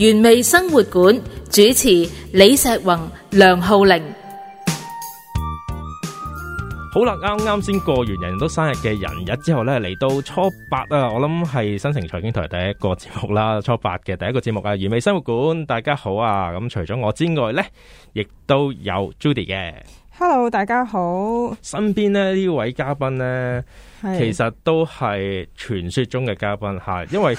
原味生活館主持李石宏、梁浩玲，好啦，啱啱先過完，人人都生日嘅人日之後咧，嚟到初八啊！我諗係新城財經台第一個節目啦，初八嘅第一個節目啊！原味生活館，大家好啊！咁除咗我之外咧，亦都有 Judy 嘅，Hello，大家好，身邊咧呢位嘉賓咧。其實都係傳說中嘅嘉賓，係因為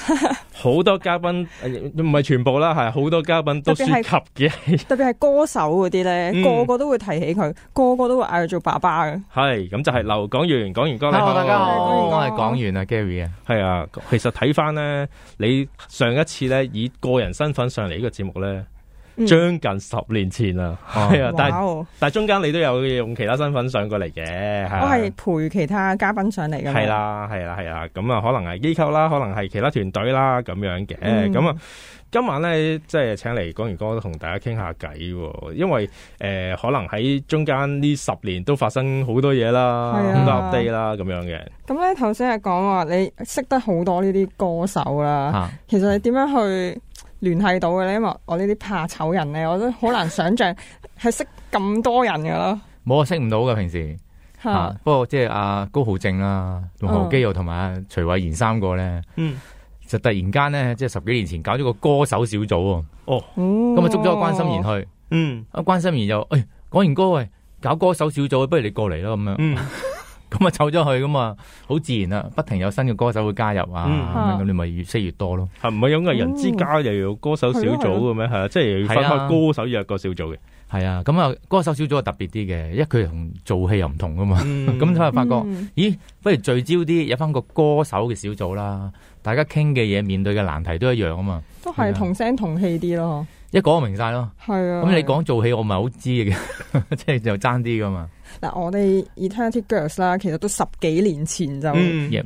好多嘉賓唔係全部啦，係好多嘉賓都涉及嘅。 特別係歌手嗰啲咧，嗯、個個都會提起佢，個個都會嗌佢做爸爸嘅。係，咁就係劉港源，港源哥，大家好，我係港源啊 Gary 啊。係啊，其實睇翻咧，你上一次咧以個人身份上嚟呢個節目咧。將近十年前啦，係啊，的但係、哦、中間你都有用其他身份上過嚟嘅，我係陪其他嘉賓上嚟嘅，係啦，係啦，係啊，咁啊，可能係機構啦，可能係其他團隊啦，咁樣嘅，咁啊，今晚咧即係請嚟講完歌，同大家傾下偈，因為誒可能喺中間呢十年都發生好多嘢啦 update 啦咁樣嘅。咁咧，頭先係講話你識得好多呢啲歌手啦，其實你點樣去？聯繫到嘅咧，因為我我呢啲怕醜人咧，我都好難想象係識咁多人噶咯。冇啊，識唔到噶平時吓。不過即係阿高浩正啦、黃浩基又同埋阿徐偉賢三個咧，嗯，就突然間咧，即係十幾年前搞咗個歌手小組哦。哦，咁啊、嗯哦、捉咗個關心妍去，嗯，阿關心妍又誒講、哎、完歌喂，搞歌手小組，不如你過嚟啦咁樣。嗯嗯咁啊，湊咗去咁嘛，好自然啦。不停有新嘅歌手會加入啊，咁、嗯、你咪越識越多咯。係唔係有藝人之家，又有歌手小組咁樣？係、嗯嗯嗯、啊，即係分開歌手一個小組嘅。係啊，咁啊，歌手小組特別又特別啲嘅，因為佢同做戲又唔同噶嘛。咁佢就發覺，咦，不如聚焦啲，有返個歌手嘅小組啦。大家傾嘅嘢，面對嘅難題都一樣啊嘛。都係同聲同氣啲咯。一講明晒咯，係啊的！咁、嗯嗯、你講做戲，我唔係好知嘅，即係就爭啲噶嘛。嗱，我哋《Eternity Girls》啦，其實都十幾年前就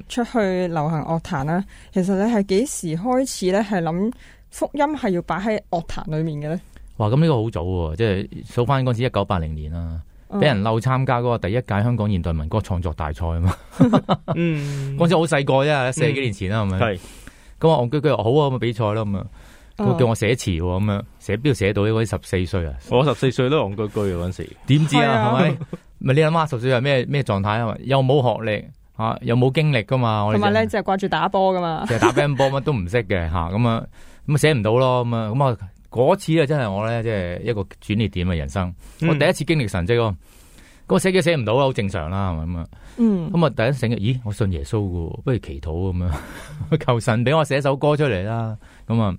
出去流行樂壇啦。嗯、其實你係幾時開始咧？係諗福音係要擺喺樂壇裏面嘅咧？哇！咁呢個好早、啊，即係數翻嗰陣時一九八零年啦，俾人嬲參加嗰個第一屆香港現代民歌創作大賽啊嘛。嗰陣好細個啫，四十幾年前啦，係咪、嗯？係是。咁我我佢佢好啊，咁比賽啦，咁啊。佢叫我寫詞咁樣，寫標寫到嗰啲，十四歲啊！歲，我十四歲都戇居居啊，嗰陣時點知啊，係咪？咪你阿媽十四歲係咩咩狀態啊？又冇學歷啊，又冇經歷噶嘛，同埋咧即係掛住打波噶嘛，就打 band 波乜都唔識嘅吓，咁啊咁啊寫唔到咯，咁啊咁啊嗰次啊真係我咧即係一個轉捩點嘅人生，我第一次經歷神蹟咯。咁、就是、我寫嘢寫唔到啊，好正常啦，係咪咁啊？咁啊、嗯嗯嗯，第一醒日，咦，我信耶穌噶，不如祈禱咁樣，嗯嗯、 求神俾我寫首歌出嚟啦，咁、嗯、啊。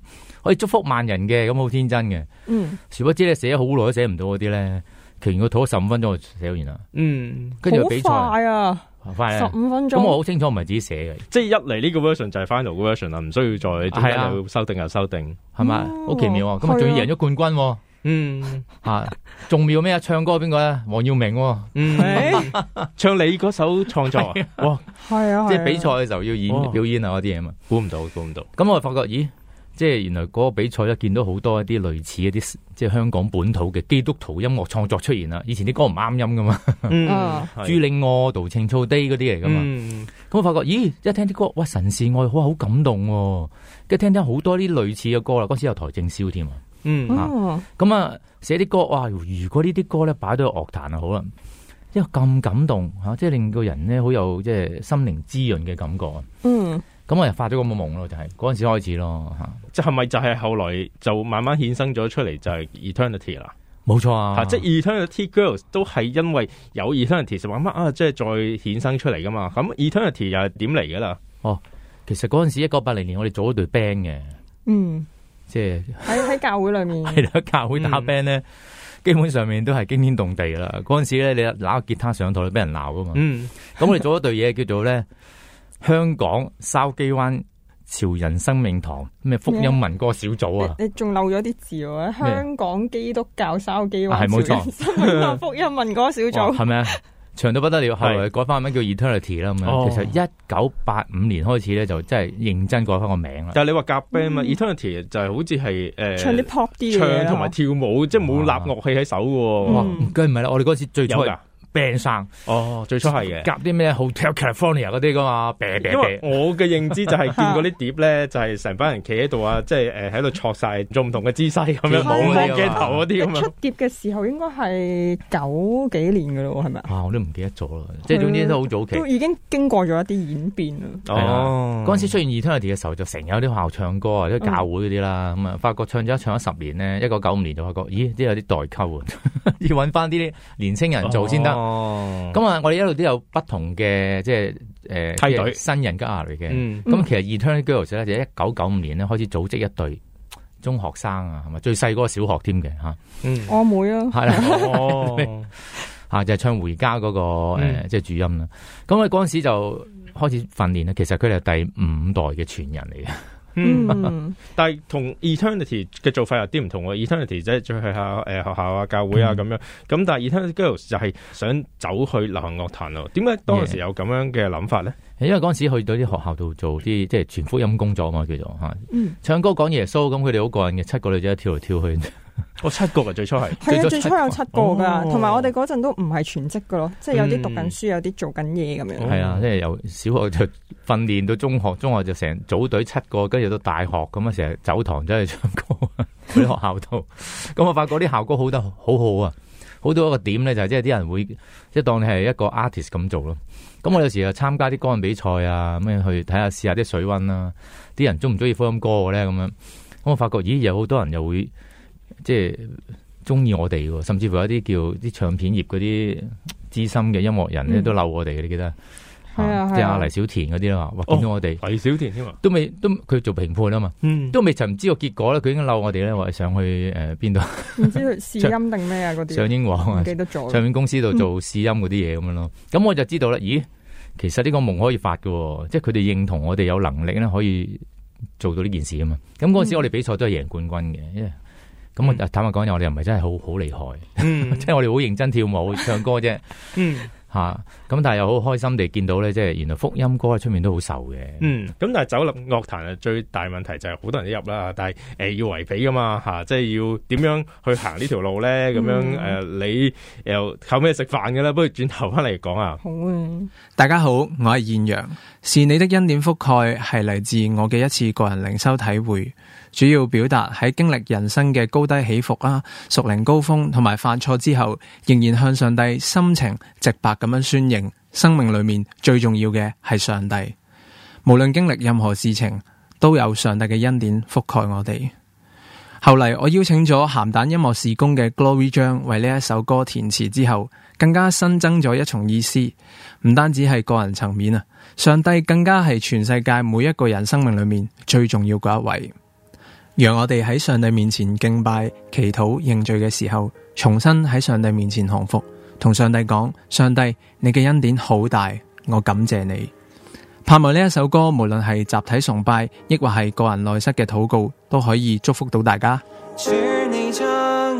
可以祝福萬人嘅，咁好天真嘅。嗯，殊不知你寫好耐都寫唔到嗰啲咧，其然個肚十五分鐘就寫完啦。嗯，跟住比賽，快十五分鐘。咁我好清楚唔係自己寫嘅，即係一嚟，呢個 version 就係 final version 啦，唔需要再睇下修定又修定，係咪？好奇妙喎！咁啊，仲要贏咗冠軍。嗯，吓仲要咩啊？唱歌邊個咧？黃耀明。嗯，唱你嗰首創作係啊，即係比賽嘅時候要演表演啊嗰啲嘢嘛，估唔到，估唔到。咁我發覺，咦？即係原來嗰個比賽一見到好多一啲類似一啲即係香港本土嘅基督徒音樂創作出現啦。以前啲歌唔啱音噶嘛，主領我到青草地嗰啲嚟噶嘛。咁、嗯、我發覺，咦，一聽啲歌，哇，神是愛、e 啊，哇，嗯、好感動。跟住聽聽好多啲類似嘅歌啦，嗰、就、時、是、有台正宵添啊。咁啊，寫啲歌，哇，如果呢啲歌咧擺到樂壇啊，好啊，因為咁感動吓，即係令個人咧好有即係心靈滋潤嘅感覺。嗯。咁我又發咗個夢咯，就係嗰陣時開始咯，吓，即係咪就係後來就慢慢衍生咗出嚟就係 Eternity 啦？冇錯啊，即係、啊就是、Eternity Girls 都係因為有 Eternity 就話乜？啊，即、就、係、是、再衍生出嚟噶嘛？咁 Eternity 又係點嚟噶啦？哦，其實嗰陣時一九八零年，我哋組咗對 band 嘅，嗯，即係喺喺教會裏面，係啦 教會打 band 咧，嗯、基本上面都係驚天動地噶啦。嗰陣時咧，你拿個吉他上台，你俾人鬧噶嘛？嗯，咁我哋組咗對嘢叫做咧。 香港筲箕灣潮人生命堂咩福音文歌小組啊！你仲漏咗啲字喎？香港基督教筲箕灣潮人生命堂福音文歌小組，係咪啊？長到不得了，後來改翻個名叫 Eternity 啦，咁樣。其實一九八五年開始咧就真係認真改翻個名啦。但係你話夾 band 嘛？Eternity 就係好似係誒唱啲 pop 啲，唱同埋跳舞，即係冇立樂器喺手嘅。哇，梗係，唔係啦，我哋嗰時最早病生哦，最初係嘅，夾啲咩 Hotel California 嗰啲噶嘛，病病病。呃、我嘅認知就係見過啲碟咧， 就係成班人企喺度啊，即係誒喺度坐晒，做唔同嘅姿勢咁樣，冇鏡頭嗰啲。出碟嘅時候應該係九幾年嘅咯，係咪啊？我都唔記得咗啦，即係是總之都好早期。都已經經過咗一啲演變哦，嗰陣、啊、時出現二廳樂嘅時候就常常，嗯、就成日有啲學校唱歌啊，即係教會嗰啲啦，咁啊發覺唱咗唱咗十年呢，一個九五年就發覺，咦，啲有啲代溝啊， 要揾翻啲年青人做先得。哦。哦，咁啊，我哋一路都有不同嘅即係誒、呃、梯隊新人加入嚟嘅。咁、嗯、其實 Eternity Girls、嗯《Eternity Girls》咧就喺一九九五年咧開始組織一隊中學生啊，係咪、嗯、最細嗰個小學添嘅吓？我妹啊，係啦，吓就係唱《回家、那個》嗰、呃、個、嗯、即係主音啦。咁啊嗰陣時就開始訓練啦。其實佢係第五代嘅傳人嚟嘅。嗯， 但係同 Eternity 嘅做法有啲唔同喎。 Eternity 即係再去下誒學校啊、教會啊咁樣，咁、嗯、但係、e、Eternity Girls 就係想走去流行樂壇咯。點解當時有咁樣嘅諗法咧？Yeah，因為嗰陣時去到啲學校度做啲即係全福音工作啊嘛，叫做吓，嗯、唱歌講耶穌，咁佢哋好過癮嘅，七個女仔跳嚟跳去。我、哦、七個啊，最初係係啊，的最初最初有七個噶，同埋、哦、我哋嗰陣都唔係全職噶咯，即係有啲讀緊書，有啲做緊嘢咁樣。係啊，即係由小學就訓練到中學，中學就成組隊七個，跟住到大學咁啊，成日走堂走去唱歌喺學校度。咁 我發覺啲效果好得好好啊，好到一個點咧、就是，就係即係啲人會即係當你係一個 artist 咁做咯。咁我有時啊參加啲歌藝比賽啊，咁樣去睇下試下啲水溫啦，啲人中唔中意福音歌嘅咧？咁樣。咁我發覺，咦，咦有好多人又會。即係中意我哋嘅，甚至乎有啲叫啲唱片業嗰啲資深嘅音樂人咧，都嬲我哋，你記得啊？即係阿黎小田嗰啲啊嘛，哇！見到我哋黎小田添啊，都未都佢做評判啊嘛，都未曾知個結果咧。佢已經嬲我哋咧，話上去誒邊度唔知試音定咩啊？嗰啲上英皇啊，記得做唱片公司度做試音嗰啲嘢咁樣咯。咁我就知道啦。咦，其實呢個夢可以發嘅，即係佢哋認同我哋有能力咧，可以做到呢件事啊嘛。咁嗰時我哋比賽都係贏冠軍嘅，因為。咁我、嗯、坦白講，又我哋又唔係真係好好厲害，即係、嗯、 我哋好認真跳舞、唱歌啫，嗯，吓咁、啊，但係又好開心地見到咧，即係原來福音歌喺出面都好受嘅，嗯。咁但係走入樂壇啊，最大問題就係好多人入啦，但係誒、呃、要維皮噶嘛，吓、啊，即係要點樣去行條呢條路咧？咁樣誒、嗯呃，你又、呃、靠咩食飯噶啦？不如轉頭翻嚟講啊。好耶，大家好，我係燕陽，是你的恩典覆蓋，係嚟自我嘅一次個人靈修體會。主要表達喺經歷人生嘅高低起伏啦、屬靈高峰同埋犯錯之後，仍然向上帝心情直白咁樣宣揚，生命裏面最重要嘅係上帝。無論經歷任何事情，都有上帝嘅恩典覆蓋我哋。後嚟我邀請咗鹹蛋音樂事工嘅 Glory 張為呢一首歌填詞之後，更加新增咗一重意思，唔單止係個人層面啊，上帝更加係全世界每一個人生命裏面最重要嗰一位。讓我哋喺上帝面前敬拜、祈禱、認罪嘅時候，重新喺上帝面前降服。同上帝講：上帝，你嘅恩典好大，我感謝你。盼望呢一首歌，無論係集體崇拜，亦或係個人內室嘅禱告，都可以祝福到大家。主你將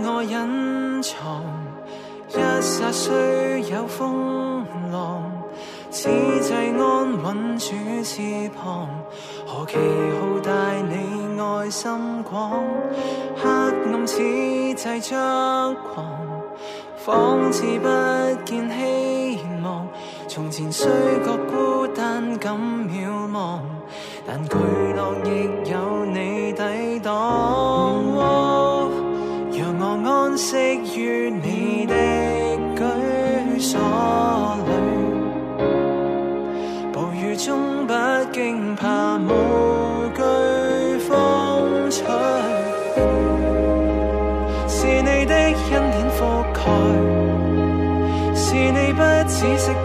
我隱藏，一剎雖有風浪，此際安穩主翅膀，何其浩大你。愛心光黑暗此際猖狂，仿似不見希望。從前雖覺孤單感渺茫，但巨浪亦有你抵擋，讓我安息於。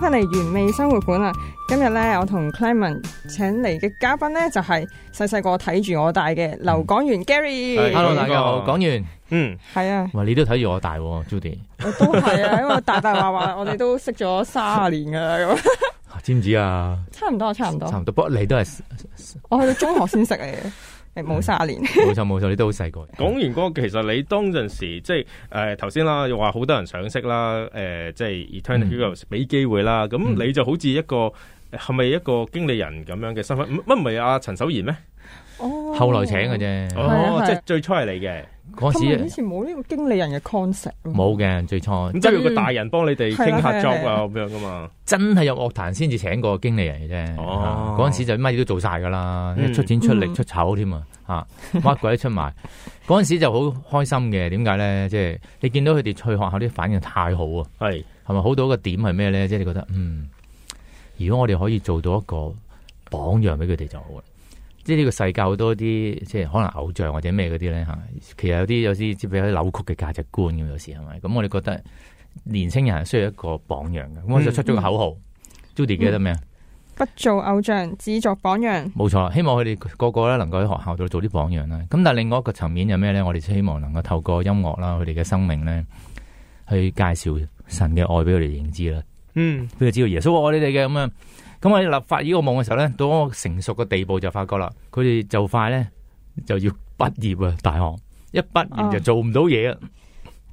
翻嚟原味生活館啊！今日咧，我同 Clement 請嚟嘅嘉賓咧，就係細細個睇住我大嘅劉港源 Gary。Hello 大家好，港源，嗯，係啊。哇，你都睇住我大 Judy，都係啊，因為大大話話，我哋都識咗卅年噶啦咁。知唔知啊，差唔多啊，差唔多，差唔多。不過你都係，我去到中學先識你。冇卅年，嗯，冇錯冇錯，你都好細個。講 完歌，其實你當陣時，即係誒頭先啦，又話好多人賞識啦，誒、呃、即係 Eternal Heroes、嗯、s 俾機會啦。咁你就好似一個係咪、嗯、一個經理人咁樣嘅身份？乜唔係阿陳守賢咩？哦，後來請嘅啫，哦，即係最初係你嘅。嗰時以前冇呢個經理人嘅 concept。冇嘅，最初咁、嗯、即係要個大人幫你哋傾下 job 啊，咁樣噶嘛。真係有樂壇先至請過經理人嘅啫。嗰陣、哦啊、時就乜嘢都做晒噶啦，嗯、出錢出力、嗯、出醜添啊，乜鬼都出埋。嗰陣 時就好開心嘅，點解咧？即、就、係、是、你見到佢哋去學校啲反應太好啊。係的，係咪好到個點係咩咧？即、就、係、是、你覺得，嗯，如果我哋可以做到一個榜樣俾佢哋就好啦。即係呢個世界好多啲，即係可能偶像或者咩嗰啲咧吓，其實有啲有啲，即係比較扭曲嘅價值觀，咁有時係咪？咁我哋覺得年青人需要一個榜樣嘅。嗯、我就出咗個口號、嗯，Judy 記得咩啊？不做偶像，只做榜樣。冇錯，希望佢哋個個咧能夠喺學校度做啲榜樣啦。咁但係另外一個層面有咩咧？我哋希望能夠透過音樂啦，佢哋嘅生命咧，去介紹神嘅愛俾佢哋認知啦。嗯，俾佢知道耶穌愛你哋嘅咁啊。咁我立法呢個夢嘅時候咧，到我成熟嘅地步就發覺啦，佢哋就快咧就要畢業啊，大學一畢業就做唔到嘢，啊，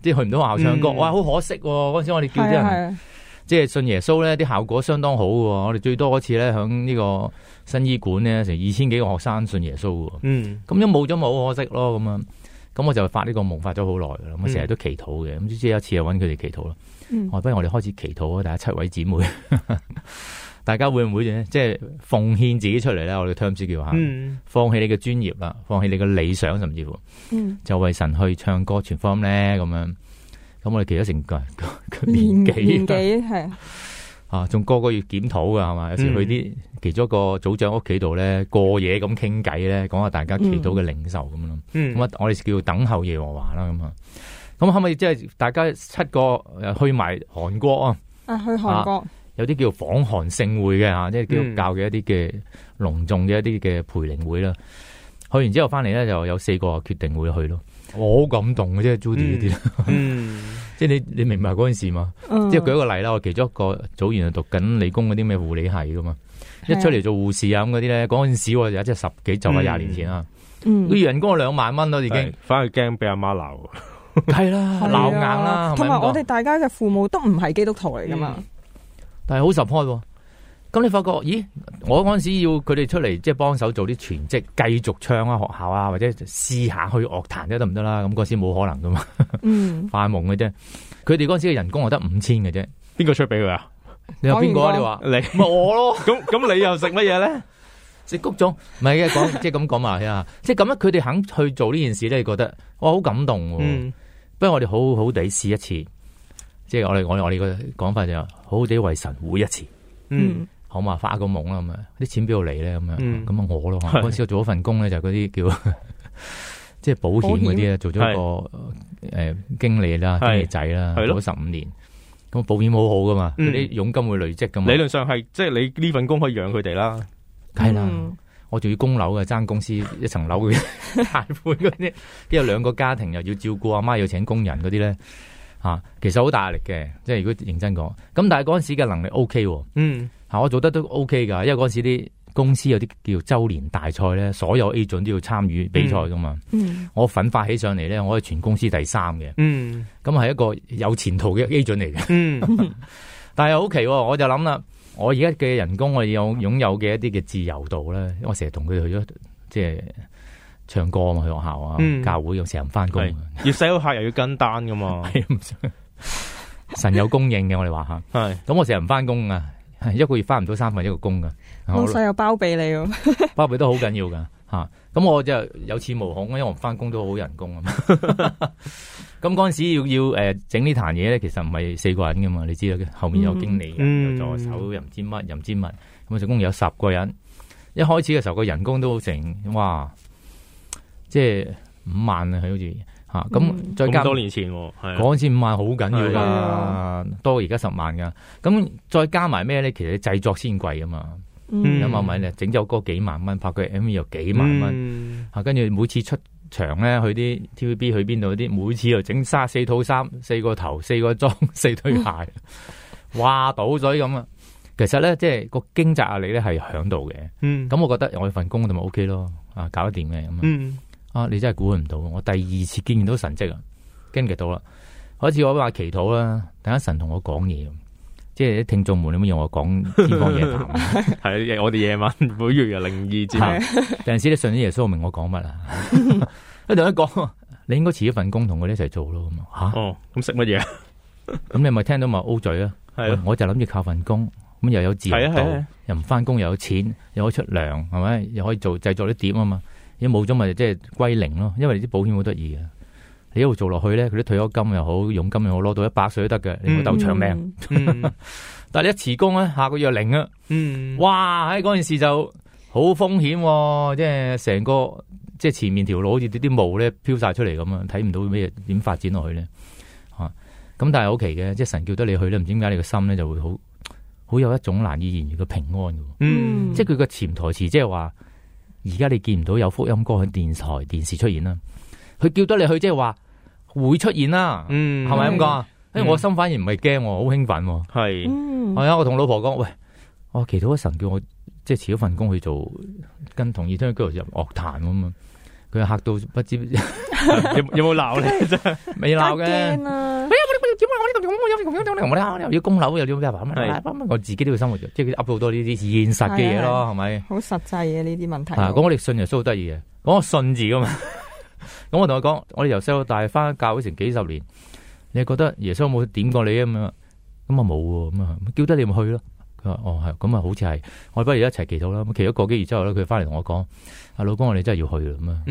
即係去唔到學校唱歌，嗯、哇，好可惜，啊！嗰時我哋叫啲人即係、嗯嗯、信耶穌咧，啲效果相當好嘅，啊，我哋最多嗰次咧，喺呢個新醫館咧，成二千幾個學生信耶穌嘅，啊，嗯，咁因冇咗咪好可惜咯，咁啊，咁我就發呢個夢發咗好耐啦，咁成日都祈禱嘅，咁即係有一次係揾佢哋祈禱咯，我話不如我哋開始祈禱啊，大家七位姊妹，妹。 大家會唔會即係、就是、奉獻自己出嚟咧？我哋湯師叫吓、嗯，放棄你嘅專業啦，放棄你嘅理想，甚至乎、嗯、就為神去唱歌傳福音咧？咁樣，咁我哋祈咗成個個 年紀年紀係啊，啊仲個個月檢討噶係嘛？有時去啲祈禱個組長屋企度咧過夜咁傾偈咧，講下大家祈禱嘅領受咁樣。咁啊、嗯，嗯嗯、我哋叫等候耶和華啦咁啊。咁可唔可以即係、就是、大家七個去埋韓國啊，啊？啊去韓國。啊啊有啲叫訪韓聖會嘅吓，即係基督教嘅一啲嘅、嗯、隆重嘅一啲嘅培靈會啦。去完之後翻嚟咧，就有四個決定會去咯。我好感動嘅，即係 Judy 啲，即係你你明白嗰件事嘛？嗯、即係舉一個例啦，我其中一個組員係讀緊理工嗰啲咩護理系噶嘛，一出嚟做護士啊咁嗰啲咧，嗰、那、陣、個、時又即係十幾就係廿年前啦。嗯，佢人工兩萬蚊咯，嗯、已經，返去驚俾阿媽鬧，係啦鬧硬啦。同埋 我哋大家嘅父母都唔係基督徒嚟噶嘛。嗯但係好十開、啊，咁你發覺咦？我嗰陣時要佢哋出嚟，即係幫手做啲全職，繼續唱啊，學校啊，或者試下去樂壇都得唔得啦？咁嗰、啊、時冇可能噶嘛，快發夢嘅啫。佢哋嗰時嘅人工我得五千嘅啫，邊個出俾佢啊，啊？你話邊個啊？你話你咪我咯？咁咁你又食乜嘢咧？食穀種唔係嘅講，即係咁講埋啊， 即係咁咧。佢哋肯去做呢件事咧，你覺得我、哦、好感動、啊。嗯，不如我哋好好地試一次，即係我哋我我哋個講法就。好地為神活一次，嗯，好嘛，發個夢啦咁啊，啲錢邊度嚟？咧咁啊，咁啊我咯，嗰時我做咗份工咧就係嗰啲叫即係保險嗰啲啊，做咗一個誒經理啦，經理仔啦，做咗十五年，咁保險好好噶嘛，嗰啲佣金會累積噶嘛，理論上係即係你呢份工可以養佢哋啦，係啦，我仲要供樓嘅，爭公司一層樓嘅貸款嗰啲，因為兩個家庭又要照顧阿媽，要請工人嗰啲咧。啊，其實好大壓力嘅，即係如果認真講，咁但係嗰陣時嘅能力 O K 喎，嗯，嚇我做得都 O K 㗎，因為嗰陣時啲公司有啲叫周年大賽咧，所有 A 準都要參與比賽㗎嘛，嗯嗯，我奮發起上嚟咧，我係全公司第三嘅，嗯，咁係一個有前途嘅 A 準嚟嘅，嗯、 但係好奇，我就諗啦，我而家嘅人工，我有擁有嘅一啲嘅自由度咧，我成日同佢去咗，即係，唱歌嘛，去學校啊，教會又成日唔翻工，要 sell 客又要跟單噶嘛，是 神有供應嘅。 我哋話吓，係咁是我成日唔翻工噶，一個月翻唔到三份一個工噶。我老細又包庇你， 包庇都好緊要噶吓。咁我就有恃無恐，因為我唔翻工都好人工啊嘛。咁嗰陣時要要誒整呢壇嘢咧，其實唔係四個人噶嘛，你知道，後面有經理、有、嗯嗯、助手、又唔知乜、又唔知乜，咁總共有十個人。一開始嘅時候，個人工都好成哇。即係五萬啊，佢好似吓咁再加，多年前陣時五萬好緊要噶，多過而家十萬噶。咁再加埋咩咧？其實製作先貴啊嘛，一萬咪，咧整首歌幾萬蚊，拍個 MV 又幾萬蚊。吓，跟住每次出場咧，去啲 TVB 去邊度啲，每次又整三、四套衫，四個頭，四個裝，四對鞋，哇，倒水咁啊！其實咧，即係個經濟壓力咧係響度嘅。嗯，咁我覺得我份工就咪 OK 咯，啊，搞得掂嘅咁啊。啊！你真係估唔到，我第二次見到神跡啊，驚極、哦、 到啦。開始 是的 我話祈禱啦，突然神同我講嘢，即係啲聽眾們咁用我講天方夜譚。係我哋夜晚每月嘅靈異節，有陣時你信咗耶穌明我講乜啊？一同佢講，你應該辭咗份工，同佢哋一齊做咯。咁吓哦，咁食乜嘢？咁你咪聽到咪 O 嘴啊？我就諗住靠份工咁又有自由度，是的又唔翻工又有錢，又可以出糧係咪？又可以做製作啲碟啊嘛。一冇咗咪即係歸零咯，因為你啲保險好得意嘅，你一路做落去咧，佢啲退休金又好，佣金又好，攞到一百歲都得嘅，你咪鬥長命。嗯嗯、 但係你一辭工咧，下個月零、嗯哦、個啊，哇！喺嗰陣時就好風險，即係成個即係前面條路好似啲啲霧咧飄晒出嚟咁樣，睇唔到咩點發展落去咧。吓咁但係好奇嘅，即係神叫得你去咧，唔知點解你個心咧就會好好有一種難以言喻嘅平安嘅、嗯嗯。即係佢個潛台詞即係話。而家你見唔到有福音歌喺電台、電視出現啦？佢叫得你去，即係話會出現啦。嗯，係咪咁講啊？誒、嗯欸，我心反而唔係驚，好興奮。係，係啊！嗯哎、我同老婆講：喂，我祈禱一神叫我即係辭咗份工去做，跟同意將佢入樂壇啊嘛。佢嚇到不，不知， 有有冇鬧你啫？未鬧嘅。 點解我呢個咁嘅樣咁樣樣你又唔好啦？又要供樓，又啲咁嘅麻煩，係 啦樂，我自己都要生活嘅，即係佢噏到好多呢啲現實嘅嘢咯，係咪？好實際嘅呢啲問題。咁我哋信耶穌好得意嘅，講個信字噶嘛。咁我同佢講，我哋由細到大翻教會成幾十年，你係覺得耶穌冇點過你啊咁啊？咁啊冇喎咁啊，叫得你咪去咯。佢話哦係，咁啊好似係，我哋不如一齊祈禱啦。咁祈禱咗個幾月之後咧，佢翻嚟同我講：，阿老公，我哋真係要去啦咁啊。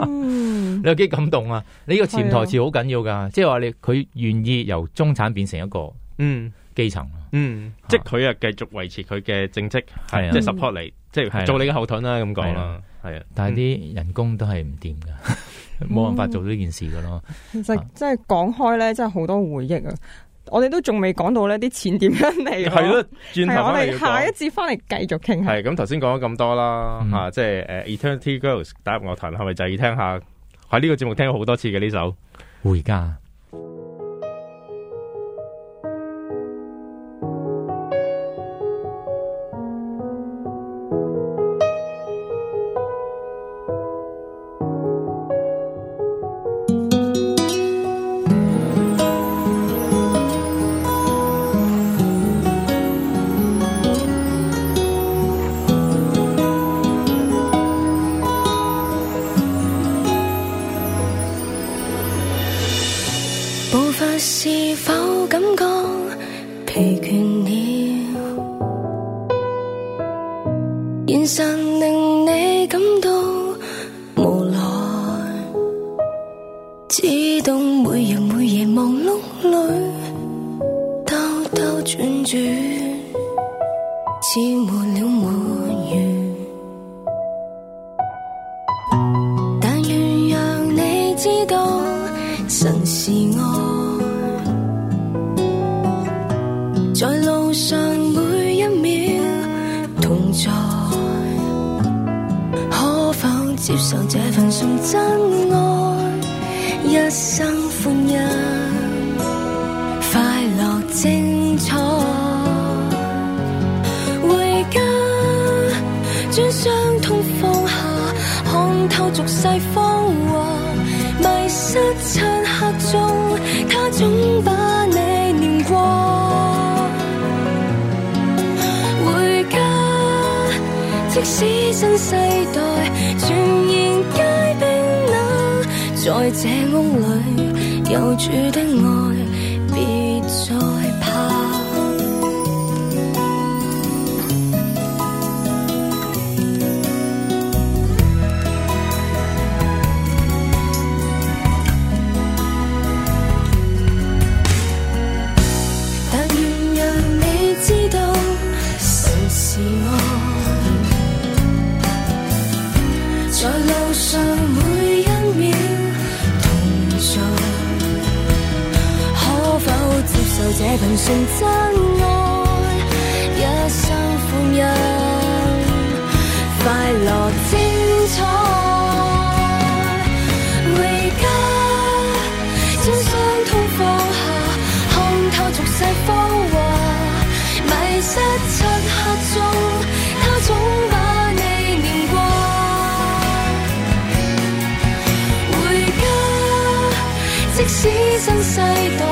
嗯 你有幾感動啊？你個潛台詞好緊要噶，即係話你佢願意由中產變成一個基層嗯基層，嗯，是啊、即係佢啊繼續維持佢嘅正職，係即係、嗯、support 你，即係、嗯、做你嘅後盾啦。咁講啦，係啊，啊啊但係啲人工都係唔掂噶，冇辦、嗯、法做呢件事噶咯、啊。其實即係講開咧，真係好多回憶啊！我哋都仲未講到呢啲錢點樣嚟、啊啊？係咯，係我哋下一節翻嚟繼續傾下、啊。係咁，頭先講咗咁多啦，吓即係誒、uh,，Eternity Girls 打入樂壇，係咪就係要聽下？喺呢個節目聽過好多次嘅呢首《回家》。新世代全然皆冰冷，在這屋裏，有主的愛，別再。純真愛，一生歡欣，快樂精彩。回家，將傷痛放下，看透俗世風華。迷失漆黑中，他總把你念掛。回家，即使身世代。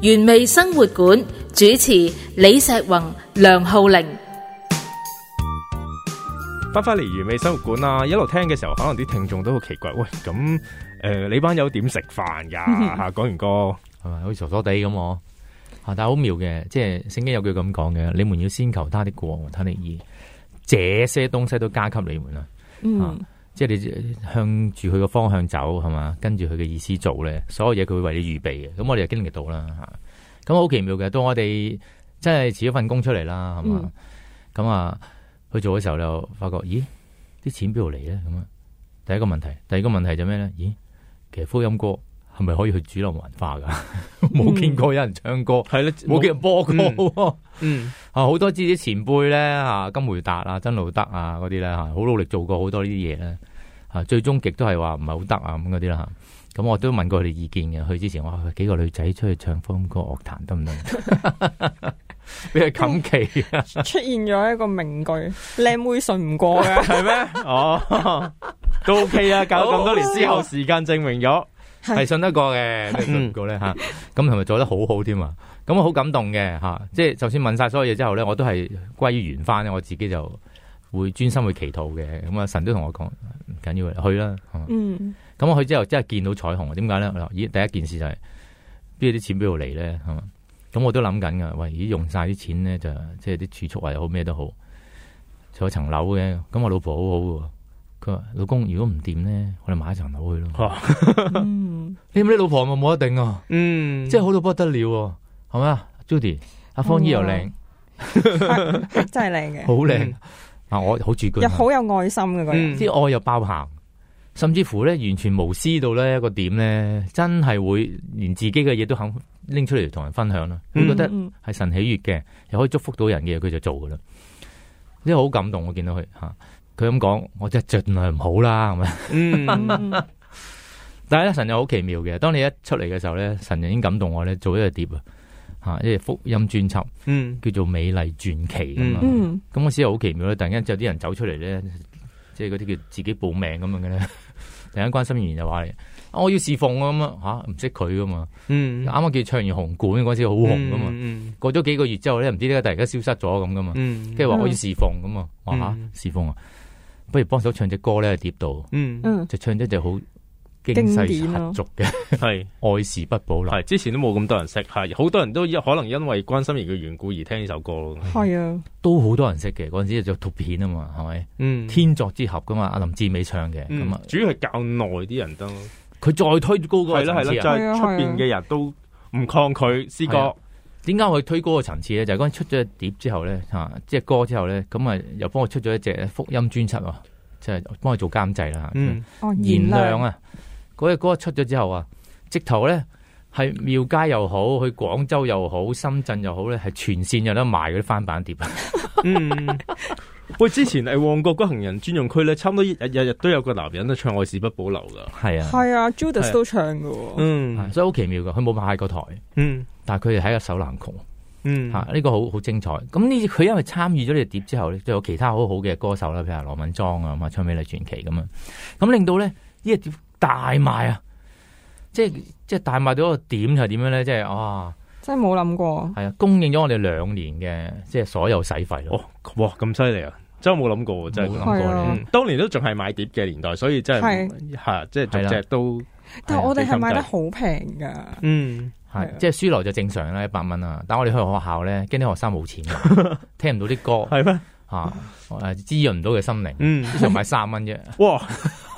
原味生活館主持李石宏、梁浩玲翻返嚟原味生活館啊！一路聽嘅時候，可能啲聽眾都好奇怪，喂咁誒、呃，你班友點食飯噶？講完歌係咪、 啊、好傻傻地咁？吓、啊、但係好妙嘅，即係聖經有句咁講嘅，你們要先求他的國和他的義，這些東西都加給你們啦。啊、嗯。即係你向住佢個方向走係嘛，跟住佢嘅意思做咧，所有嘢佢會為你預備嘅。咁我哋就經歷到啦吓，咁、啊、好奇妙嘅。當我哋真係辭咗份工出嚟啦，係嘛，咁、嗯、啊去做嘅時候就發覺，咦，啲錢邊度嚟咧？咁啊，第一個問題，第二個問題就咩咧？咦，其實福音歌係咪可以去主流文化㗎？冇 見過有人唱歌，係咧，冇見人過播歌。嗯，嗯、啊，好多知啲前輩咧，啊，金梅達啊、曾路德啊嗰啲咧，吓，好努力做過好多呢啲嘢咧。啊吓，最終極都係話唔係好得啊咁嗰啲啦，咁我都問過佢哋意見嘅。去之前我話幾個女仔出去唱風歌樂壇得唔得？俾佢冚奇啊！出現咗一個名句，靚妹 信唔過嘅係咩？哦，都 OK 啦、啊。搞咁多年之後，時間證明咗係、哦、是信得過嘅，是信唔過咧吓。咁係咪做得好好添啊！咁我好感動嘅吓、啊，即係就算問晒所有嘢之後咧，我都係歸圓翻咧，我自己就。會專心去祈禱嘅，咁阿神都同我講，唔緊要，去啦。嗯，咁我，、嗯、我去之後，即係見到彩虹。點解咧？咦，第一件事就係邊度啲錢邊度嚟咧？係嘛，咁我都諗緊噶。喂，咦，用晒啲錢咧，就即係啲儲蓄又好，咩都好，坐層樓嘅。咁我老婆好好、啊、嘅，佢話老公如果唔掂咧，我哋買一層樓去咯。你唔啲老婆冇冇得頂啊？嗯， 哎、即係好到不得了、啊，係咪 Judy 阿、啊、芳姨又靚，真係靚嘅，好靚。 嗯啊！我好主觀，又好有愛心嘅個人，啲、嗯、愛又爆涵，甚至乎咧完全無私到咧一、那個點咧，真係會連自己嘅嘢都肯拎出嚟同人分享啦。佢、嗯、覺得係神喜悅嘅，又可以祝福到人嘅，佢就做噶啦。真係好感動，我見到佢吓，佢咁講，我真係盡量唔好啦，係咪、嗯？ 但係咧神又好奇妙嘅，當你一出嚟嘅時候咧，神已經感動我咧，做呢個碟。目。啊！即係福音專輯，嗯，叫做《美麗傳奇》咁啊。咁嗰時係好奇妙咧，突然間就有啲人走出嚟咧，即係嗰啲叫自己報名咁樣嘅咧。突然間關心妍就話、啊，我要侍奉啊！咁啊，吓唔識佢噶嘛？啱啱叫唱完紅館嗰陣時好紅噶嘛。嗯，過咗幾個月之後咧，唔知點解突然間消失咗咁噶嘛？跟住話我要侍奉咁啊，吓侍奉啊，不如幫手唱隻歌咧喺碟度。就唱一隻好。啊啊經典咯，係愛是不保留，係之前都冇咁多人識，係好多人都可能因為關心妍嘅緣故而聽呢首歌咯，係啊，都好多人識嘅嗰陣時就圖片啊嘛，係咪？天作之合噶嘛，阿林志美唱嘅，咁啊，主要係教內啲人都，佢再推高嗰個層次，出邊嘅人都唔抗拒詩歌。點解我推高個層次咧？就係嗰陣出咗碟之後咧，吓即係歌之後咧，咁啊又幫我出咗一隻福音專輯啊，即係幫佢做監製啦吓，嗯，原諒啊。嗰隻歌出咗之後啊，original，直頭咧係廟街又好，去廣州又好，深圳又好咧，係全線有得賣嗰啲翻版碟。 嗯，喂， 之前喺旺角嘅行人專用區咧，差唔多日日日都有個男人咧唱《愛是不保留》噶。係 日 foi 啊，係啊，Judas 都唱嘅，哦。嗯，um，所以好奇妙噶，佢冇派過台。嗯，但係佢哋係一手難窮。嗯，吓呢個好好精彩。咁呢，佢因為參與咗呢隻碟之後咧，就有其他好好嘅歌手啦，譬如羅敏莊啊咁啊唱《美麗傳奇》咁啊，咁令到咧呢隻碟。大賣啊！即係即係大賣到嗰個點就係點樣咧？即係啊，真係冇諗過。係啊，供應咗我哋兩年嘅，即係所有使費。哇哇咁犀利啊！真係冇諗過，真係冇諗過。當年都仲係買碟嘅年代，所以真係吓，即係即係都。但係我哋係買得好平㗎。嗯，係即係書樓就正常啦，一百蚊啊！但係我哋去學校咧，驚啲學生冇錢，聽唔到啲歌係咩？吓，滋潤唔到佢心靈。嗯，就買三蚊啫。哇！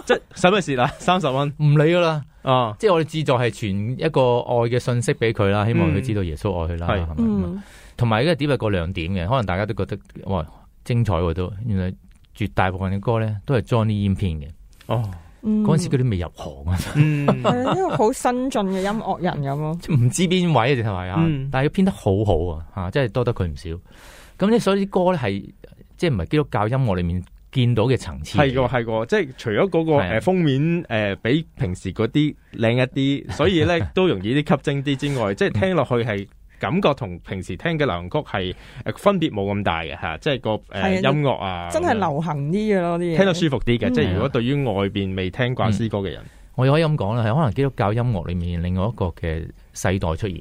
即使乜事啦？三十蚊唔理噶啦，啊！即係我哋自助係傳一個愛嘅信息俾佢啦，希望佢知道耶穌愛佢啦。同埋呢個點係個亮點嘅，可能大家都覺得哇精彩喎都。原來絕大部分嘅歌咧都係 Johnny 編嘅。哦，嗰陣時佢都未入行啊，係呢個好新進嘅音樂人咁咯。唔知邊位啊？點解啊？但係佢編得好好啊！吓，即係多得佢唔少。咁你所以啲歌咧係即係唔係基督教音樂裏面。見到嘅層次係個係個，即係除咗嗰個誒封面誒、呃、比平時嗰啲靚一啲，所以咧都容易啲吸睛啲之外， 即係聽落去係感覺同平時聽嘅流行曲係分別冇咁大嘅吓、啊，即係、那個誒、呃、的音樂啊，真係流行啲嘅咯啲，聽得舒服啲嘅。的即係如果對於外邊未聽慣詩歌嘅人，嗯、我可以咁講啦，可能基督教音樂裏面另外一個嘅世代出現，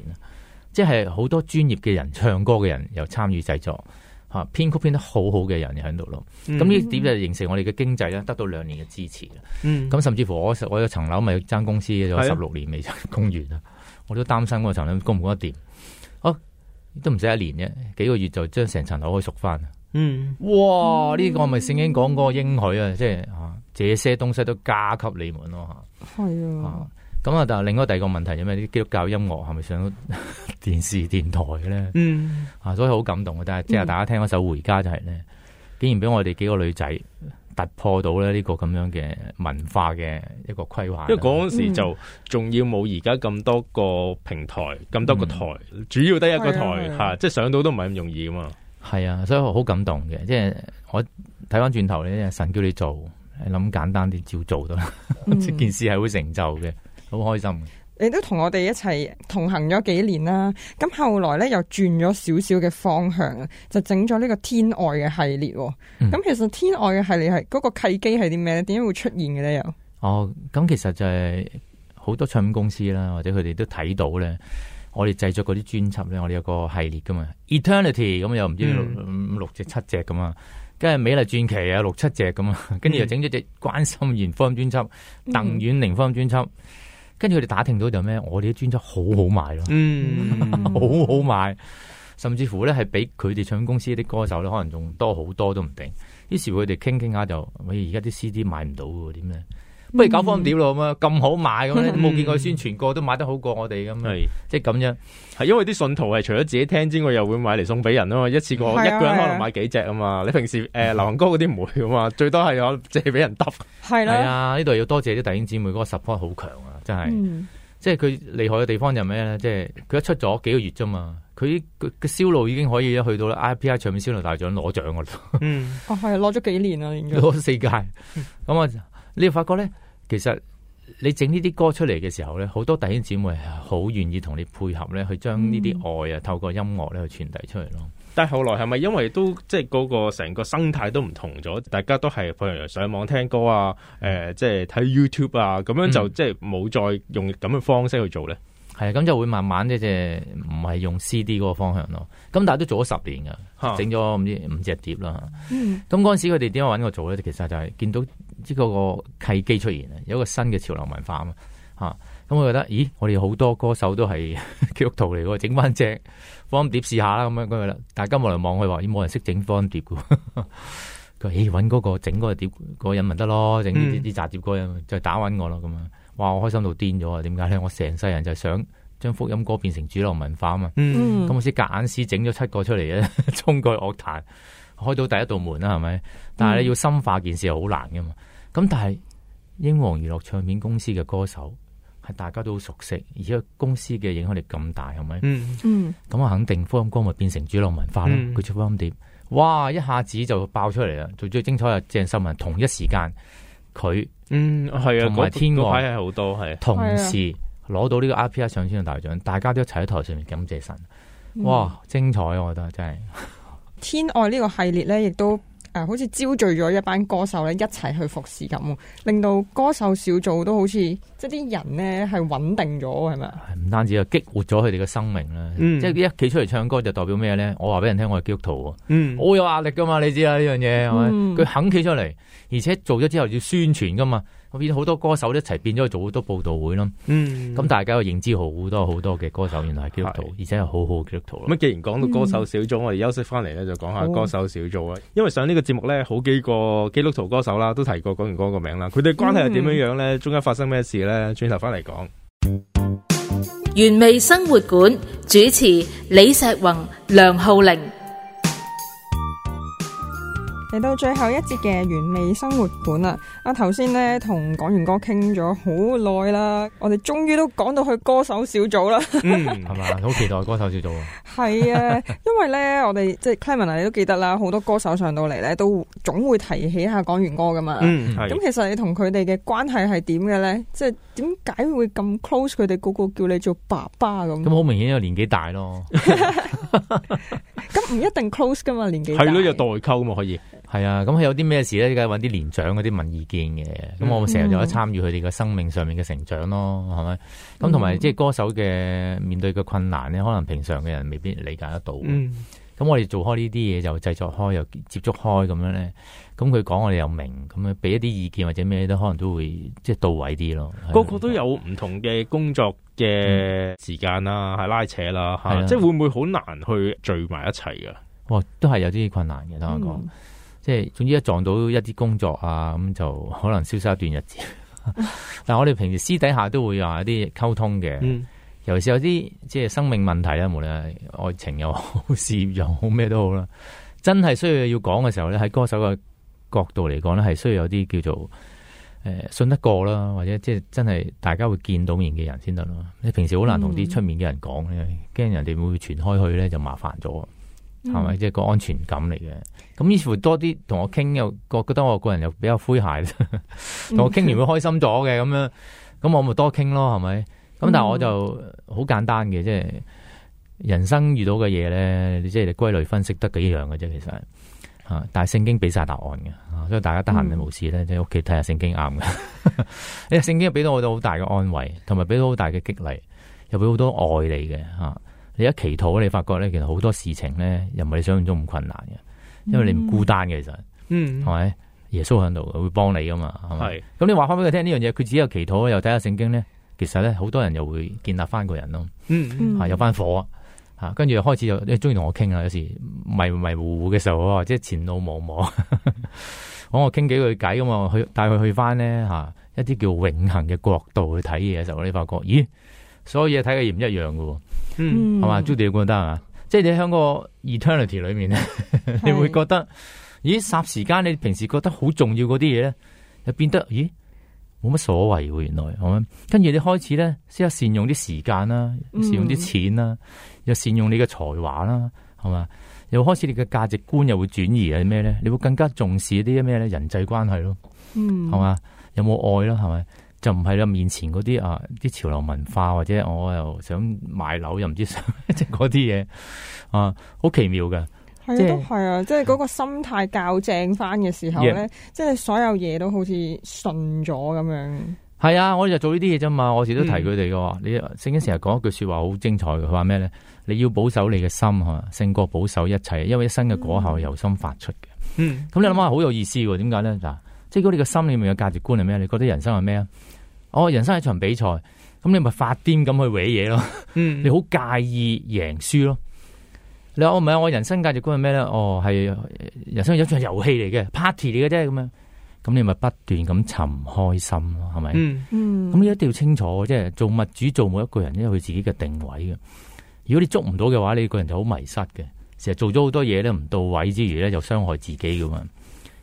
即係好多專業嘅人唱歌嘅人又參與製作。吓，編、啊、曲編得好好嘅人喺度咯，咁呢點就形成我哋嘅經濟咧，得到兩年嘅支持嘅。咁、嗯啊、甚至乎我我有層樓咪有爭公司嘅，十六年未供完啊，我都擔心嗰層樓供唔供得掂。我、啊、都唔使一年啫，幾個月就將成層樓可以贖翻啊。嗯，哇，呢、嗯、個咪聖經講嗰個應許啊，即係吓、啊，這些東西都加給你們咯吓。係啊。啊咁啊！但係另外第二個問題，有咩啲基督教音樂係咪上電視電台嘅咧？嗯，啊，所以好感動嘅。但係即係大家聽嗰首《回家》，就是嗯，就係咧，竟然俾我哋幾個女仔突破到咧呢個咁樣嘅文化嘅一個規劃。因為嗰陣時就仲要冇而家咁多個平台，咁、嗯、多個台，嗯、主要得一個台吓，即係上到都唔係咁容易噶嘛。係啊，所以我好感動嘅。即係我睇翻轉頭咧，神叫你做，諗簡單啲，照做得啦。嗯、 件事係會成就嘅。好開心，你都同我哋一齊同行咗幾年啦。咁後來咧又轉咗少少嘅方向就整咗呢個天外嘅系列、哦。咁、嗯、其實天外嘅系列係嗰、嗰個契機係啲咩咧？點樣會出現嘅咧？又哦，咁其實就係好多唱片公司啦，或者佢哋都睇到咧。我哋製作嗰啲專輯咧，我哋有個系列噶嘛，Eternity 咁又唔知六隻、嗯、七隻咁啊，跟住美麗傳奇啊六七隻咁啊，跟住又整咗隻關心妍方專輯、嗯、鄧遠寧方專輯。跟住佢哋打聽到就咩？我哋啲專輯好賣，啊嗯、 好賣咯，好好賣，甚至乎咧係比佢哋唱片公司啲歌手咧可能仲多好多都唔定。於是佢哋傾傾下就：我而家啲 CD 賣唔到喎，點咧？不如搞方碟咯，咁咁好賣咁咧，冇、嗯、見過宣傳過都賣得好過我哋咁啊！嗯、即係咁樣，係因為啲信徒係除咗自己聽之外，又會買嚟送俾人啊嘛！一次過一個人可能買幾隻啊嘛！啊啊你平時誒、呃、流行歌嗰啲唔會啊嘛， 最多係我借俾人揼係啦。啊！呢度、啊啊啊、要多謝啲弟兄姊妹嗰個 support 好強、啊真係、嗯，即係佢厲害嘅地方就係咩咧？即係佢一出咗幾個月啫嘛，佢佢佢銷路已經可以去到啦！I P I 唱片銷路大獎了獎攞獎噶啦，嗯， 哦係攞咗幾年啦，應該攞咗四屆。咁啊、嗯，你又發覺咧，其實你整呢啲歌出嚟嘅時候咧，好多弟兄姊妹係好願意同你配合咧，去將呢啲愛啊、嗯、透過音樂咧去傳遞出嚟咯。但係後來係咪因為都即係嗰個成個生態都唔同咗，大家都係譬如上網聽歌啊，誒、呃、即係睇 YouTube 啊，咁樣就、嗯、即係冇再用咁嘅方式去做咧。係啊，咁就會慢慢即係唔係用 CD 嗰個方向咯。咁但係都做咗十年噶，整咗、啊、五隻碟啦。咁嗰陣時佢哋點解搵我做咧？其實就係見到呢個契機出現啊，有一個新嘅潮流文化啊嘛嚇。咁我覺得，咦，我哋好多歌手都係基督徒嚟喎，整翻隻方碟試下啦，咁樣佢啦，大家望嚟望去話，咦冇人識整方碟噶，佢咦搵嗰個整嗰個碟嗰、那個、人咪得咯，整啲啲雜碟嗰人就打穩我咯，咁啊，哇我開心到癲咗啊，點解咧？我成世人就係想將福音歌變成主流文化啊嘛，咁、嗯嗯、我先夾硬試整咗七個出嚟咧， 衝過樂壇開到第一道門啦，係咪？但係你要深化件事係好難噶嘛，咁但係英皇娛樂，樂唱片公司嘅歌手。大家都好熟悉，而且公司嘅影響力咁大，係咪？嗯嗯。咁我肯定福音歌咪變成主流文化啦。佢、嗯、出福音碟，哇！一下子就爆出嚟啦。最最精彩係鄭秀文同一時間佢嗯係啊同埋天外係好多係同時攞的到呢個 r P r 上天嘅大獎，大家都一齊喺台上面感謝神，嗯、哇！精彩我覺得真係、嗯、 天外呢個系列咧，亦都。誒、啊，好似招聚咗一班歌手咧，一齊去服侍咁，令到歌手小組都好似即係啲人咧係穩定咗，係咪？唔單止啊，激活咗佢哋嘅生命啦，嗯、即係一企出嚟唱歌就代表咩咧？我話俾人聽，我係基督徒，嗯，我好有壓力噶嘛？你知啦呢樣嘢，係咪？佢、嗯、肯企出嚟，而且做咗之後要宣傳噶嘛？我見到好多歌手一齊變咗做好多布道會咯，嗯，咁大家個認知好多好多嘅歌手，嗯、原來係基督徒，是而且係好好基督徒。咁既然講到歌手小組，嗯、我哋休息翻嚟咧就講下歌手小組啊，哦、因為上呢個節目咧好幾個基督徒歌手啦，都提過講完歌個名啦，佢哋關係係點樣樣咧？嗯、中間發生咩事咧？轉頭翻嚟講。原味生活館主持李石宏、梁浩玲。嚟到最後一節嘅完美生活本啦，啊頭先咧同港元哥傾咗好耐啦，我哋終於都講到去歌手小組啦，嗯係嘛，好 期待歌手小組啊，係 啊，因為咧我哋即係 Clarence 你都記得啦，好多歌手上到嚟咧都總會提起下港元哥噶嘛，咁、嗯、其實你同佢哋嘅關係係點嘅咧，即係點解會咁 close 佢哋個個叫你做爸爸咁，咁好明顯有年紀大咯。 咁唔一定 close 噶嘛，年紀係咯，有代溝咁 啊，可以係啊。咁佢有啲咩事咧，梗係搵啲年長嗰啲問意見嘅。咁、嗯、我成日就喺參與佢哋嘅生命上面嘅成長咯，係咪？咁同埋即係歌手嘅面對嘅困難咧，可能平常嘅人未必理解得到。咁、嗯、我哋做開呢啲嘢就製作開又接觸開咁樣咧，咁佢講我哋又明，咁樣俾一啲意見或者咩都可能都會即係、就是、到位啲咯。個個都有唔同嘅工作。嘅時間啦，係拉扯啦，吓、啊，即係會唔會好難去聚埋一齊噶？哇，都係有啲困難嘅，等、嗯、我講，即係總之一撞到一啲工作啊，咁就可能消失一段日子。 但係我哋平時私底下都會話一啲溝通嘅，嗯、尤其是有啲即係生命問題啦，無論係愛情又好，事業又好，咩都好啦，真係需要要講嘅時候咧，喺歌手嘅角度嚟講咧，係需要有啲叫做。誒，信得過啦，或者即係真係大家會見到面嘅人先得咯。你平時好難同啲出面嘅人講嘅，驚、嗯、人哋會傳開去咧就麻煩咗，係咪？嗯、即係個安全感嚟嘅。咁似乎多啲同我傾，又覺得我個人又比較詼諧，同 我傾完會開心咗嘅，咁、嗯、樣咁我咪多傾咯，係咪？咁但係我就好簡單嘅，即係人生遇到嘅嘢咧，即你即係歸類分析得幾樣嘅啫，嗯嗯、其實。但係聖經俾晒答案嘅，所以大家得閒，你冇事咧，喺屋企睇下聖經啱嘅。你 聖經俾到我哋好大嘅安慰，同埋俾到好大嘅激勵，又俾好多愛你嘅吓、啊。你一祈禱，你發覺咧，其實好多事情咧，又唔係你想象中咁困難嘅，因為你唔孤單嘅，嗯、其實，係咪、嗯、耶穌喺度，會幫你噶嘛？係。咁是你話翻俾佢聽呢樣嘢，佢自己又祈禱，又睇下聖經咧，其實咧，好多人又會建立翻個人咯。有翻火。嗯嗯嗯吓，跟住又開始又，你中意同我傾啊？有時迷迷糊糊嘅時候，即係前路茫茫，講我傾幾句偈咁啊，去帶佢去翻咧嚇，一啲叫永恆嘅角度去睇嘢嘅時候，你發覺咦，所有嘢睇嘅嘢唔一樣嘅喎，嗯，係嘛？朱迪覺得啊，即係你喺個 eternity 裏面咧，呵呵你會覺得是咦，霎時間你平時覺得好重要嗰啲嘢咧，就變得咦冇乜所謂喎，原來係跟住你開始咧，先啊善用啲時間啦，善用啲錢啦。嗯就善用你嘅才華啦，係嘛？又開始你嘅價值觀又會轉移係咩咧？你會更加重視啲咩咧？人際關係咯，係嘛、嗯？有冇愛咯？係咪？就唔係啦，面前嗰啲啊，啲潮流文化或者我又想買樓又唔知想即係啲嘢啊，好、啊、奇妙嘅。係的、就是、啊，係啊，即係嗰個心態較正翻嘅時候咧，即係 yeah, 所有嘢都好似順咗咁樣。係啊，我哋就做呢啲嘢啫嘛。我時都提佢哋嘅，嗯、你聖經成日講一句說話好精彩嘅，佢話咩咧？你要保守你嘅心嗬，勝過保守一切，因為一生嘅果效由心發出嘅。咁、嗯、你諗下好有意思喎？點解咧？嗱、就是，即係如果你個心裏面嘅價值觀係咩？你覺得人生係咩啊？哦，人生係一場比賽，咁你咪發癲咁去揾嘢咯，、嗯、咯。你好介意贏輸咯？你話我唔係我人生價值觀係咩咧？哦，係人生一場遊戲嚟嘅，party 嚟嘅啫咁啊！咁你咪不斷咁尋開心咯，係咪？嗯，嗯嗯。咁你一定要清楚，即係造物主造每一個人，都有佢自己嘅定位嘅。如果你捉唔到嘅話，你個人就好迷失嘅。成日做咗好多嘢咧，唔到位之餘咧就傷害自己噶嘛。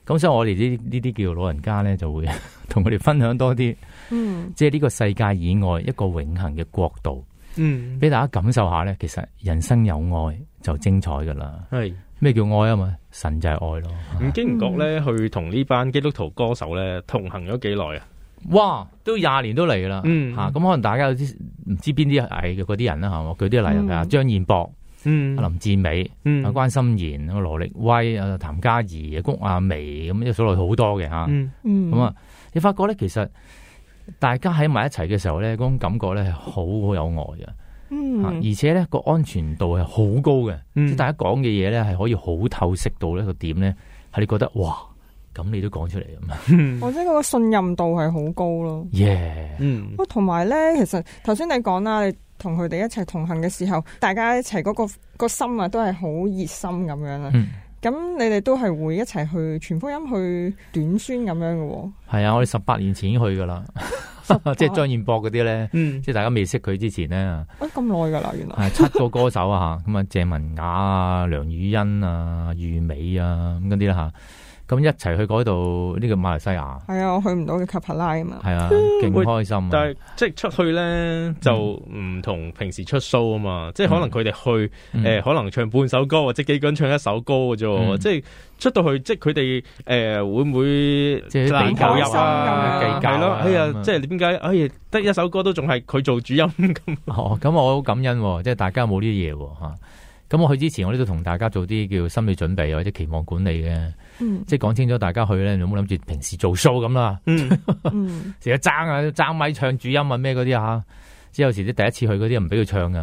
咁所以我哋呢呢啲叫老人家咧，就會同佢哋分享多啲，嗯，即係呢個世界以外一個永恒嘅國度，嗯，俾大家感受下咧，其實人生有愛就精彩噶啦，係，嗯。咩叫愛啊嘛，神就係愛咯。唔經唔覺咧，去同呢班基督徒歌手咧同行咗幾耐啊？哇，都廿年都嚟㗎啦。吓、嗯，咁、啊、可能大家有啲唔知邊啲係嘅嗰啲人啦。吓、啊，舉啲例啊，張燕、嗯、博，嗯，林志美，阿、嗯啊、關心妍，啊，羅力威，啊，譚嘉儀，谷阿薇，咁一數落去好多嘅吓。咁啊，你發覺咧，其、啊、實、啊啊啊、大家喺埋一齊嘅時候咧，嗰種感覺咧係好好有愛、呃、嘅。嗯，而且咧，個安全度係好高嘅，即係、嗯、大家講嘅嘢咧，係可以好透徹到呢個點咧，係你覺得哇咁你都講出嚟咁啊？或者嗰個信任度係好高咯。yeah，嗯，不過同埋咧，其實頭先你講啦，你同佢哋一齊同行嘅時候，大家一齊嗰、嗰個、嗰個心啊，都係好熱心咁樣啊。咁你哋都係會一齊去傳福音去短宣咁樣嘅喎、哦？係啊，我哋十八年前已經去噶啦， 18? 即係張彥博嗰啲咧，嗯、即係大家未識佢之前咧，誒咁耐噶啦，原來係 七個歌手啊吓，咁啊謝文雅啊、梁宇欣啊、裕美啊咁嗰啲啦吓。咁一齊去嗰度，呢、呢個馬來西亞。係、 嗯嗯嗯、 啊，我去唔到嘅卡帕拉啊嘛。係啊，勁開心。但係即係出去咧，就唔同平時出 show 啊嘛。即係可能佢哋去誒、嗯嗯呃，可能唱半首歌或者幾個人唱一首歌嘅啫。嗯、即係出到去，即係佢哋誒會唔會即係比較有啊？計較係咯。哎呀，即係點解？哎得一首歌都仲係佢做主音咁。咁、 哦、我好感恩喎，即係大家冇呢啲嘢喎。咁我去之前，我呢都同大家做啲叫心理準備或者期望管理嘅，即係講清楚大家去咧，你有冇諗住平時做 show 咁啦。成日 爭啊爭，咪唱主音啊咩嗰啲啊，即係有時啲第一次去嗰啲唔俾佢唱噶。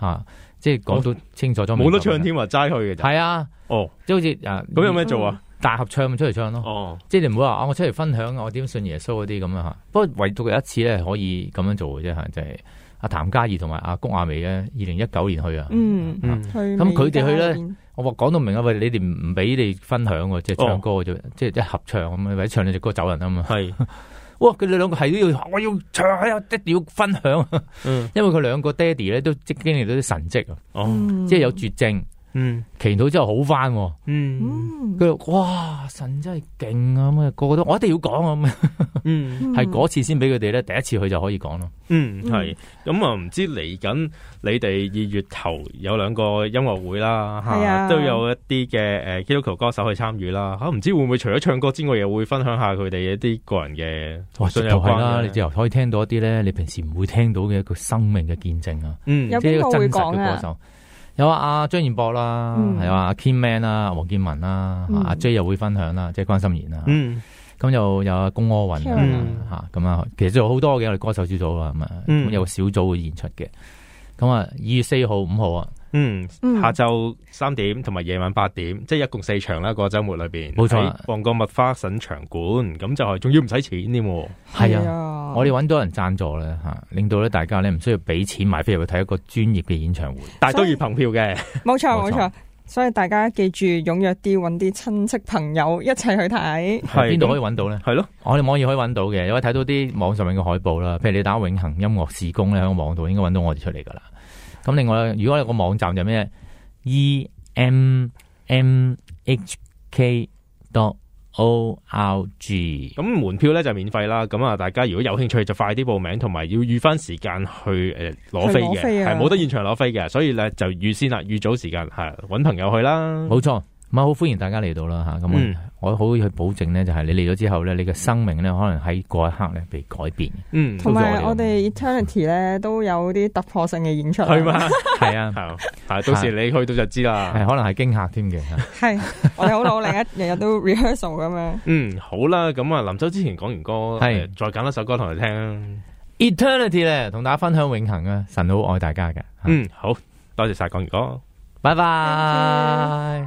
吓、啊、即係講到清楚咗冇得唱添啊，齋去嘅係啊，哦，即係好似啊咁有咩做啊？嗯、大合唱咁出嚟唱咯，哦、即係你唔好話啊我出嚟分享我點信耶穌嗰啲咁啊吓，不過唯獨有一次咧可以咁樣做嘅啫吓，即、啊、係。就是阿譚嘉儀同埋阿谷亞薇咧，二零一九年去啊，嗯，嗯去咁佢哋去咧，嗯、我話講到明啊，喂，你哋唔唔俾你分享嘅，即係唱歌嘅啫，即係、哦、一合唱咁啊，或者唱兩隻歌走人啊嘛，係是，哇，佢哋兩個係都要，我要唱啊，一定要分享，嗯、因為佢兩個爹哋咧都即係經歷到啲神蹟啊，哦，即係有絕症。嗯，祈禱之後好翻、喔，嗯，佢話哇，神真係勁啊！咁啊，個個都我一定要講啊！咁啊，係 嗰次先俾佢哋咧，第一次去就可以講咯、嗯。嗯，係咁啊，唔知嚟緊你哋二月頭有兩個音樂會啦，吓、啊，啊、都有一啲嘅誒，基督教歌手去參與啦。吓，唔知會唔會除咗唱歌之外，又會分享下佢哋一啲個人嘅哇，就係啦，你之後可以聽到一啲咧，你平時唔會聽到嘅一個生命嘅見證啊。嗯，即係一個真實嘅歌手。有阿張彥博啦，係、嗯、有阿、啊、Key Man 啦，王建文啦，阿、嗯啊、J 又會分享啦，即、就、係、是、關心妍啦，咁又、嗯、有阿龔柯允啦，吓咁、嗯、啊，其實有好多嘅我哋歌手小組啊，咁啊、嗯，咁有個小組會演出嘅，咁啊二月四號五號啊。嗯，下晝三點同埋夜晚八點，即係一共四場啦。那個周末裏邊冇錯，啊、旺角麥花臣場館咁就係，仲要唔使錢添。係啊，啊啊我哋揾到人讚助咧吓，令到咧大家咧唔需要俾錢買飛入去睇一個專業嘅演唱會，但係都要憑票嘅。冇錯冇錯，錯錯錯所以大家記住踊躍啲，揾啲親戚朋友一齊去睇。係邊度可以揾到呢？係咯，我哋網頁可以揾到嘅。如果睇到啲網上面嘅海報啦，譬如你打永恒音樂事工咧，喺個網度應該揾到我哋出嚟噶啦。咁另外，如果有個網站就咩，e m m h k dot o r g，咁門票咧就免費啦。咁啊，大家如果有興趣就快啲報名，同埋要預返時間去誒攞飛嘅，係冇、啊、得現場攞飛嘅，所以咧就預先啦，預早時間係揾朋友去啦。冇錯。唔好歡迎大家嚟到啦吓，咁我好去保證咧，就係你嚟咗之後咧，你嘅生命咧，可能喺嗰一刻咧被改變。同埋我哋 Eternity 咧都有啲突破性嘅演出。係嘛，係啊，到時你去到就知啦，係可能係驚嚇添嘅。係，我哋好努力，日日都 rehearsal 噉樣。嗯，好啦，咁啊，臨走之前講完歌，係再揀一首歌同你聽。Eternity 咧，同大家分享永恆啊！神好愛大家嘅。嗯，好多謝晒講完歌，拜拜。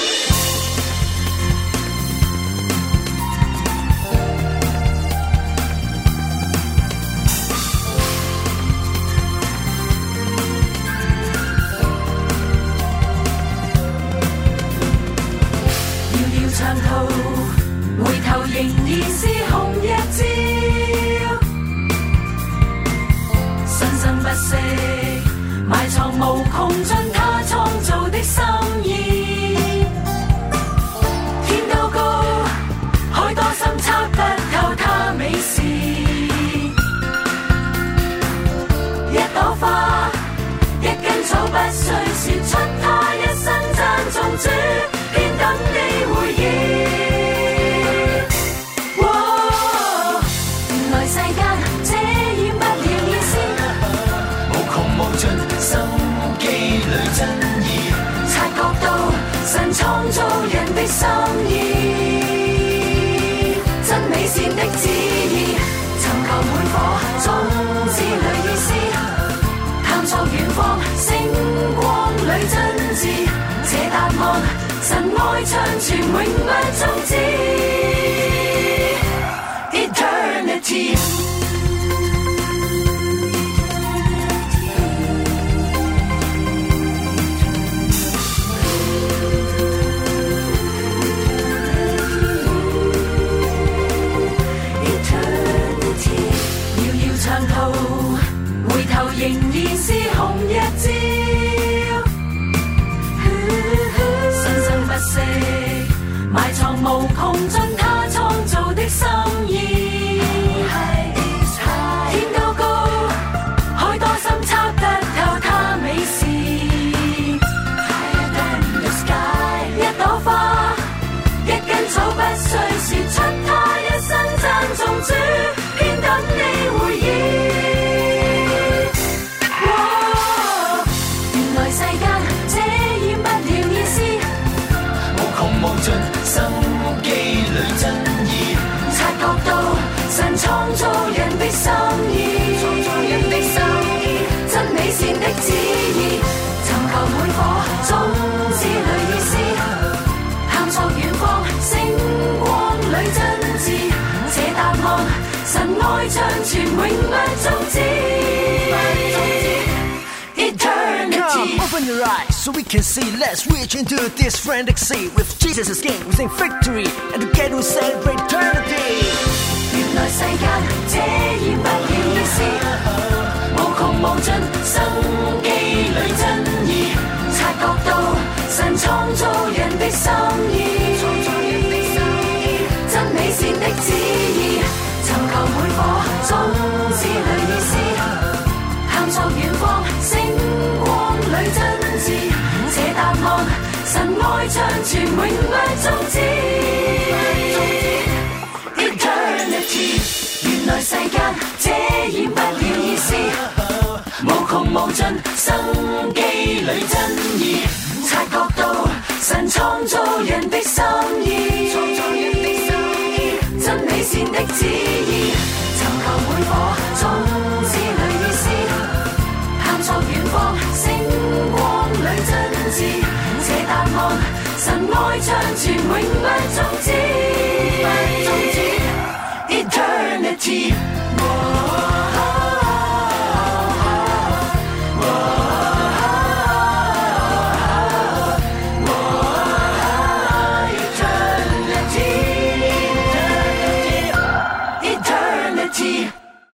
Three，and the kid will say fraternity。原來世間遮掩不了意思，無窮無盡生機裏真意，察覺到神創造人的心意，真美善的旨意。唱全永不終止，Eternity。E、ity，原來世間遮掩不了意思，無窮無盡生機裏真意，察覺到神創造人的心意，創造人的心意，真理善的旨意。愛長存，永不終止，不終止，Eternity。E